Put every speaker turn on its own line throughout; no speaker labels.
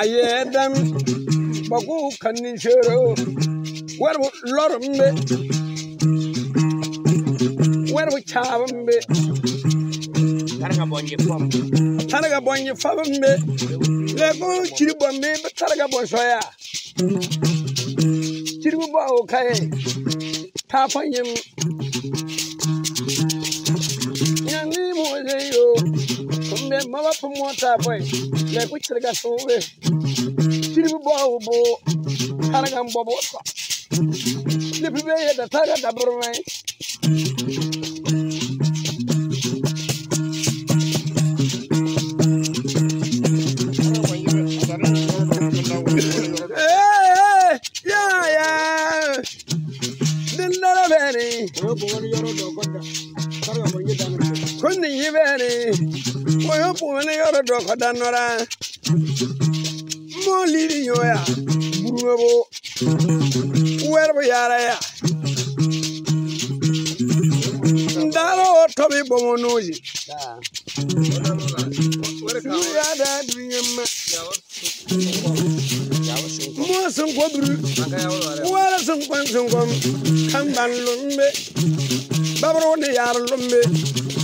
ayedem bagu kanin shero werbu lorumbe werbu chabambe targa bonje fam targa bonje fambe lego chiri bombe targa bonsoya chiri bo o kai ta fanyim nyani mo yo kumbe mawa pumota boy lẹ́kọ̀ọ́ kyerɛ ka sɔn wɛ tiribu bɔ awo bo kana ka n bɔ bɔ Thank you. dɔkɔdanɔra mɔliri yɔya buruŋebo wɛrɛbo yaara ya ndaara o tɔbi bɔmɔ n'oye nuura daa duriŋe ma mɔ seŋkɔ biri wɛrɛ seŋkɔn seŋkɔn kanban lumbe baburo ne yaara lumbe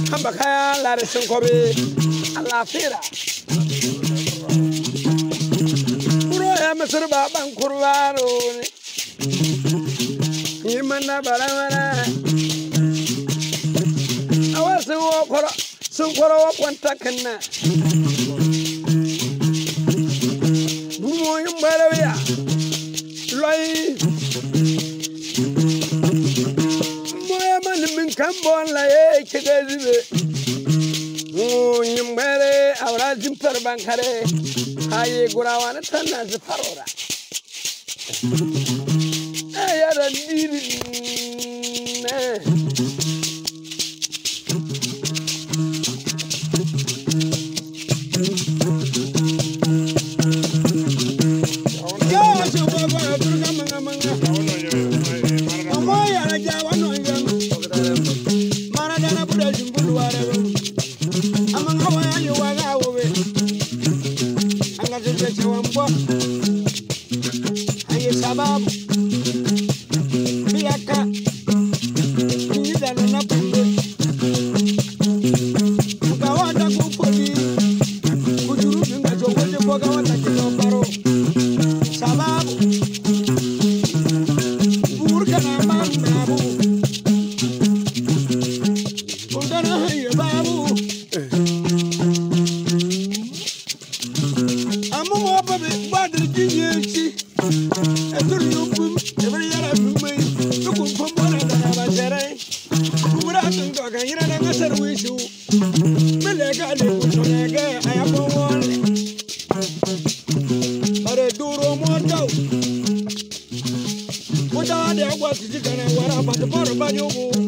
kamba kaya laare seŋkɔbe la fira kuro ya misir baban kurwaro ne yi mana baramara a wasu wakoro sun kwaro wakon takanna bumoyin barawiya loyi moya mani min kan bon la ውኝምበሬ አብራ ጅምፐር ባንካሬ ሃዬ ጉራዋነ ተና ዝፈሮራ የረዲር Oh, my God. ɛduru nukum ɛbɛrɛ yɛrɛ fimba yi nukum fɔmɔ na dara ba jɛrɛ wura tun tɔ kan yɛrɛ na ka sɛri wi su mele ka le ko sɔnyɛ kɛ a y'a fɔ wɔɔrɛ ɔre duuru mɔ dɔw ko dawa de ya gwa sisi kana wara pati bɔrɔ ba y'o bɔ.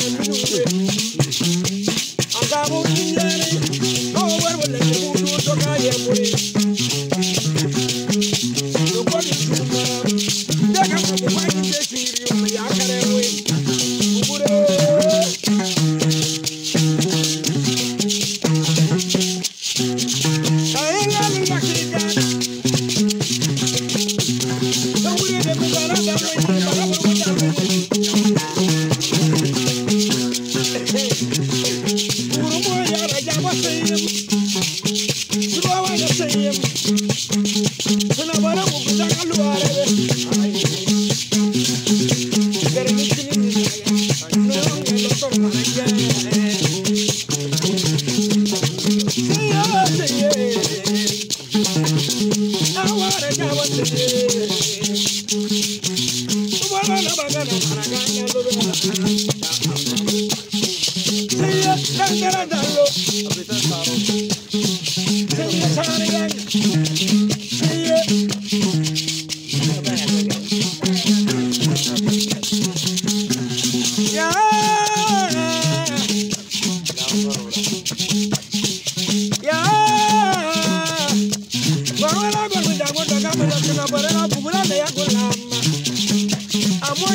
干杯！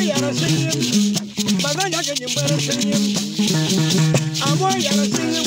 yara sinyim, bana nyage nyimbe sinyim, amo yara sinyim.